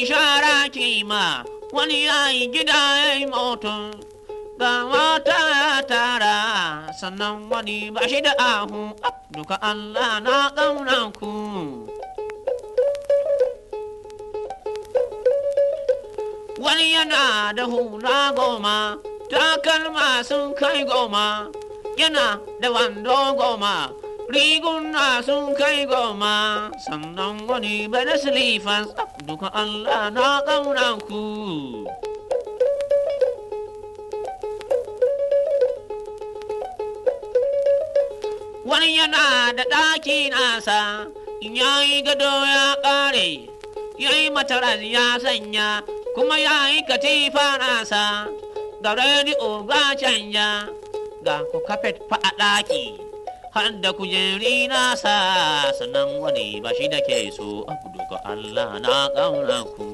ishara ki ma wani yayi gida ya yi ga mata ya tara sannan wani ba shi da ahu duka Allah na ƙauna ku. Wani yana da hula goma, takalma sun kai goma, yana da wando goma, riguna sun kai goma, sannan wani ba da silifan duka Allah na ƙaunan ku. Wani yana da ɗaki nasa, ya yi gado ya ƙare, ya yi mataras ya sanya, kuma ya yi katifa nasa, ga rediyo ba canja, ga ku kafet fa a ɗaki, har da kujeri nasa, sannan wani ba shi da ke so abu ku Allah na ƙauna ku.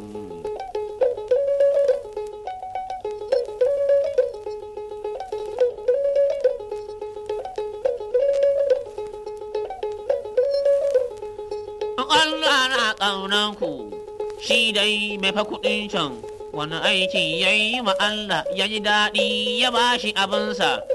Allah na ƙaunan ku shi dai mai fa kuɗin can wani aiki ya yi ma Allah ya ji daɗi ya bashi abinsa.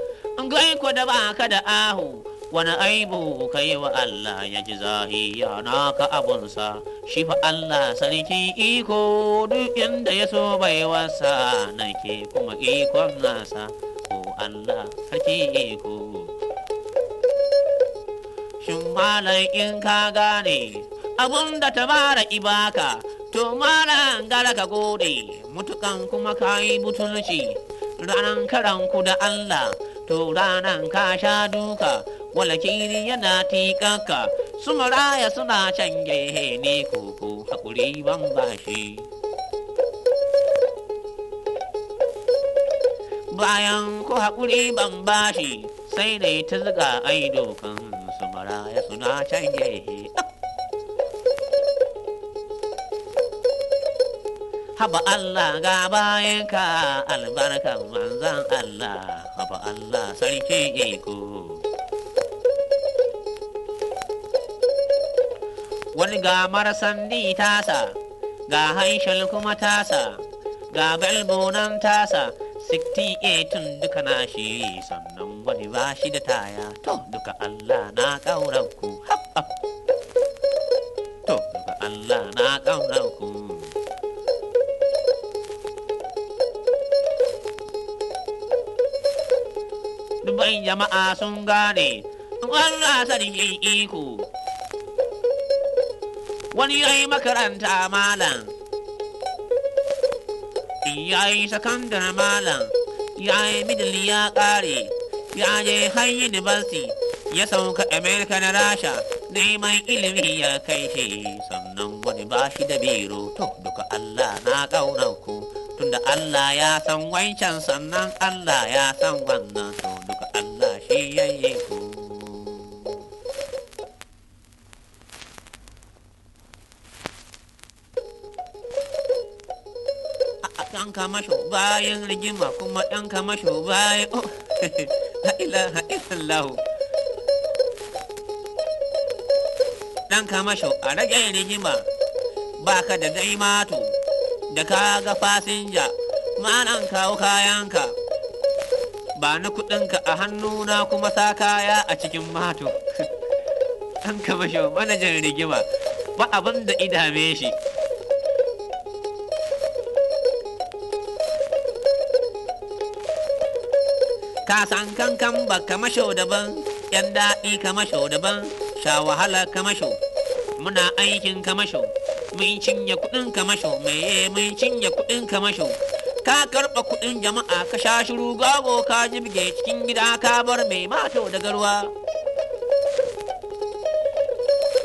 Gai ku da ba ka da ahu. wani aibu yi wa Allah ya ji zahiya naka abunsa shi fa Allah sarki iko duk inda ya so bai wasa nake kuma ikon nasa ko Allah sarki iko shin malam in ka gane abun da bara ibaka to mara gara ka gode mutukan kuma ka yi butulci ranan karanku da Allah to ranan ka sha duka walakiri yana tikaka su maraya suna can gehe ne koko haƙuri ban bashi bayan ku haƙuri ban bashi sai dai ta zuga ai dokan su maraya suna can gehe haba Allah ga bayanka albarkan manzan Allah haba Allah sarki iko. wani ga marasan di tasa ga haishal kuma tasa ga galbonan tasa 68 duka na shi sannan wani ba shi da taya to duka Allah na ƙaunar ku to duka Allah na ƙaunarku ku jama'a sun gane, Allah sarki iko. wani ya yi makaranta malam ya yi sakandar malam ya yi middle ya ƙare ya je har university ya sauka america na rasha neman ilimi ya kai shi sannan wani ba shi da biro to duka allah na ƙaunarku tunda allah ya san wancan sannan allah ya san wannan to duka allah shi yayi Ɗan kamasho bayan rigima kuma kamasho bayan oh ɗan kamasho a rage rigima ba ka da zai mato da ka ga fasinja ma'anan kawo kayanka ba na kuɗinka a hannuna kuma sa kaya a cikin mato ɗan kamasho manajan rigima ba abin da idame shi ka san kankan ba kamasho daban yan daɗi kamasho daban sha wahala kamasho muna aikin kamasho mun cinye kuɗin kamasho meye eh, mun cinye kuɗin kamasho ka karɓa kuɗin jama'a ka sha shiru gago ka jibge cikin gida ka bar mai mato da garwa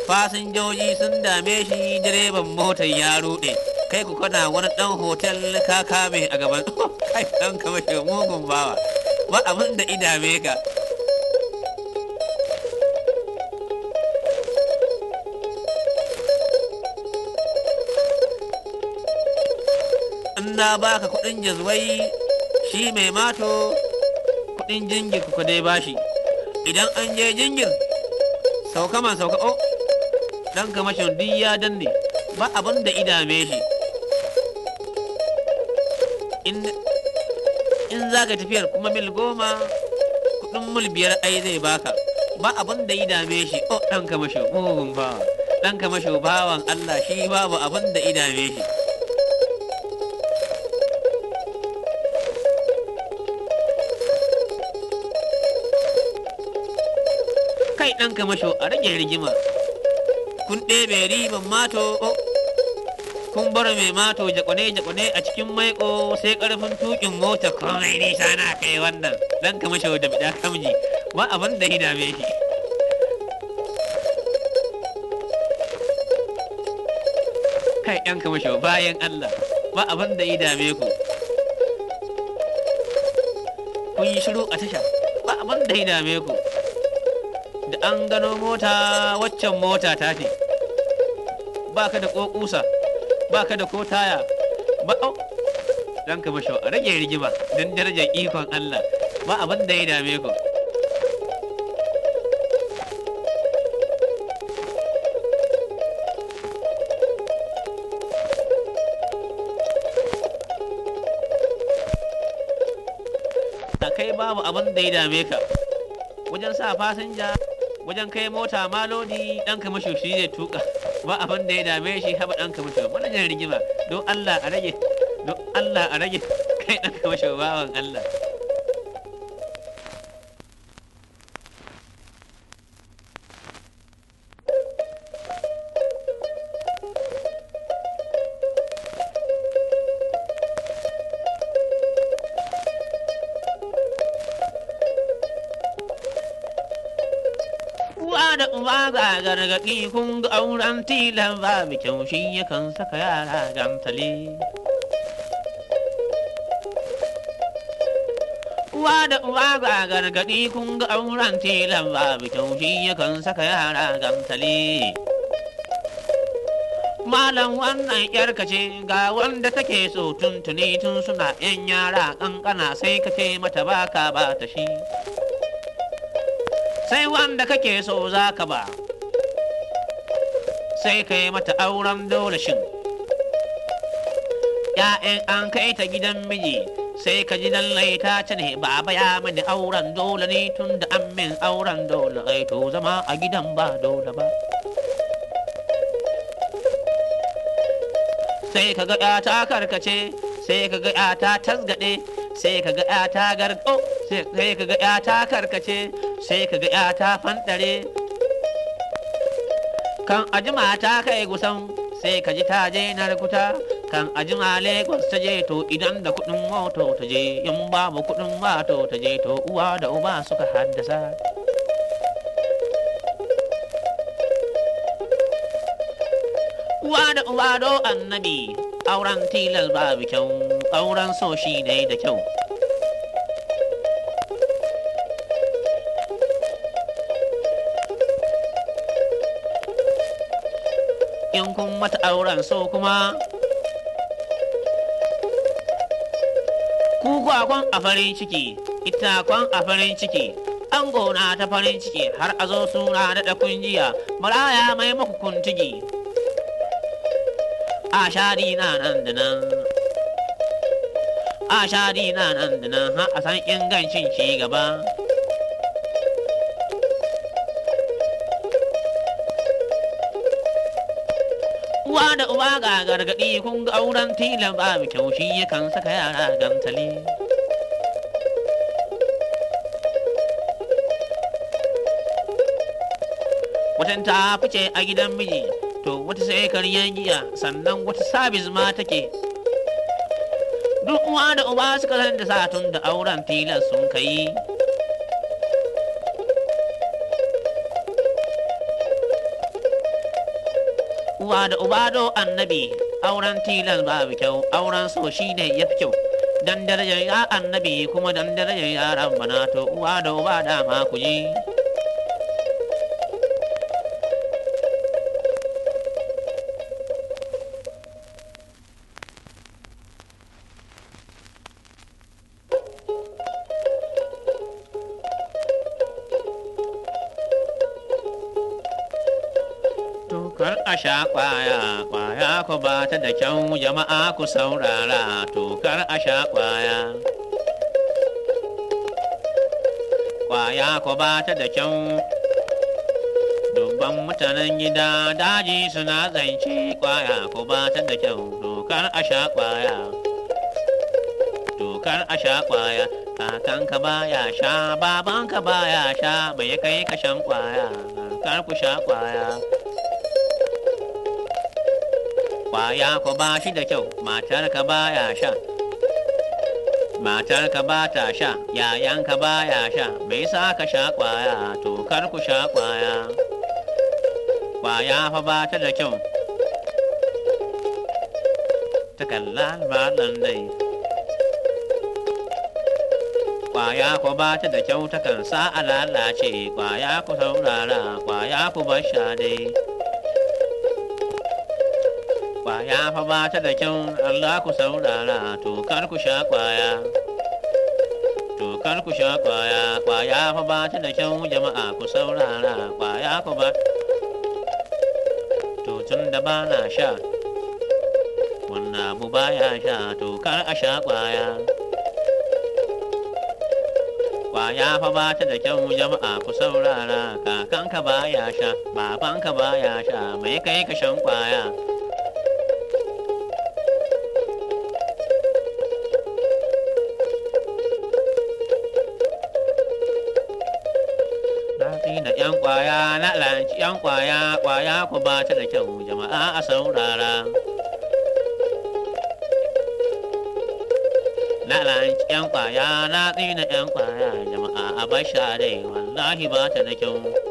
fasinjoji sun dame shi direban motar ya ruɗe kai ku kana wani ɗan hotel ka kame a gaban kai ɗan kamasho mugun bawa ba abin da idame ka in na baka kudin jazwai shi mai mato kudin jingir ku dai bashi idan an je jingir sauka man sauka o oh, dan kamashin duk ya danne ba abin da idame shi za ka tafiyar kuma mil goma kudin mil biyar ai zai baka ba abin da ya dame shi o oh, ɗan ka masho mugun ba ɗan ka masho bawan Allah shi babu abin da ya dame shi kai ɗan ka masho a rage rigima kun ɗebe riban mato o oh, kun bar mai mato jakwane-jakwane a cikin maiko sai karfin tukin mota komai nisa na kai wannan dan kama shawo da bida kamji ba abin da hida me shi kai yan kama shawo bayan Allah ba abin da hida me ku kun yi shiru a tasha ba abin da hida me ku da an gano mota waccan mota ta ce ba ka da ƙoƙusa baka da ko taya ba au dan ka masho rage rigima dan darajar ikon Allah ba abin da ya dame ku kai babu abin da ya dame ka wajen sa fasinja wajen kai mota malodi ɗan ka shi zai tuka ba abin da ya dame shi haba ɗan ka wani wannan rigima don Allah a rage Allah a kai ɗan ka mashi bawan Allah da uba a gargaɗi kun ga auren tilan babu kyau shi yakan saka yara gantali. Uwa da uba a gargaɗi kun ga auren tilan babu kyau shi yakan saka yara gantali. Malam wannan yarka ce ga wanda take so tuntuni tun suna 'yan yara ƙanƙana sai ka ce mata baka ba ta shi. sai wanda kake so za ka ba sai ka yi mata auren dole shin ‘ya'yan an kai ta gidan miji sai ka ji lallai ta ce ne baba ya mini auren dole ne tun da an min auren dole ai to zama a gidan ba dole ba sai ka ga ta karkace sai ka ga ta tasgade sai ka ga ta garko sai ka ga ta karkace sai ka ga ya ta fanɗare kan ajima ta kai gusan sai ka ji ta je na rikuta. kan ajima lagos ta je to idan da kuɗin moto ta je in babu kuɗin mato ta je to uwa da uba suka haddasa uwa da uba do annabi auren tilal babu kyau auren so shi ne da kyau in kun mata auren so kuma kuka a farin ciki ita a farin ciki an gona ta farin ciki har a zo suna daɗa kungiya maraya mai maku kuntigi a shari na nan da nan a na nan da nan a san ingancin shi gaba uwa da uba ga gargaɗi kun ga auren tilan babu kyau shi yakan saka yara gantali. Watan ta fice a gidan miji, to wata sai karyar giya sannan wata sabis ma take. Duk uwa da uba suka san da satun da auren tilan sun kai. uwa da uba do annabi auren tilas bi kyau auren so shi shine yafi kyau dan darajar ya annabi kuma dan darajar ya rabbana to uwa da uba dama ku ji a sha kwaya kwaya ku ba ta da kyau jama'a ku saurara tokar a sha kwaya kwaya ku ba ta da kyau dubban mutanen gida daji suna zance kwaya ku ba ta da kyau tokar a sha kwaya tokar a sha kwaya kakanka ba ya sha babanka ba ya sha bai kai kashan kwaya kar ku sha kwaya kwaya ku ba shi da kyau matarka ba ya sha matarka ba ta sha yayanka ba ya sha bai sa ka sha kwaya to kar ku sha kwaya kwaya fa ba ta da kyau ta kalla malan dai kwaya ku ba ta da kyau ta kan sa alalace lalace kwaya ku saurara kwaya ku bar sha dai ya fa ba ta da kyau Allah ku saurara tokar ku sha kwaya. Tokar ku sha kwaya, kwaya fa ba ta da kyau jama'a ku saurara kwaya ku ba. To tun da ba na sha, wannan abu ba ya sha tokar a sha kwaya. Kwaya fa ba ta da kyau jama'a ku saurara kakanka ba ya sha, babanka ba ya sha, mai kai ka shan kwaya. ku ba ta da kyau jama'a a saurara. Lalanci 'yan kwaya na tsina 'yan kwaya jama'a a a dai wallahi ba ta da kyau.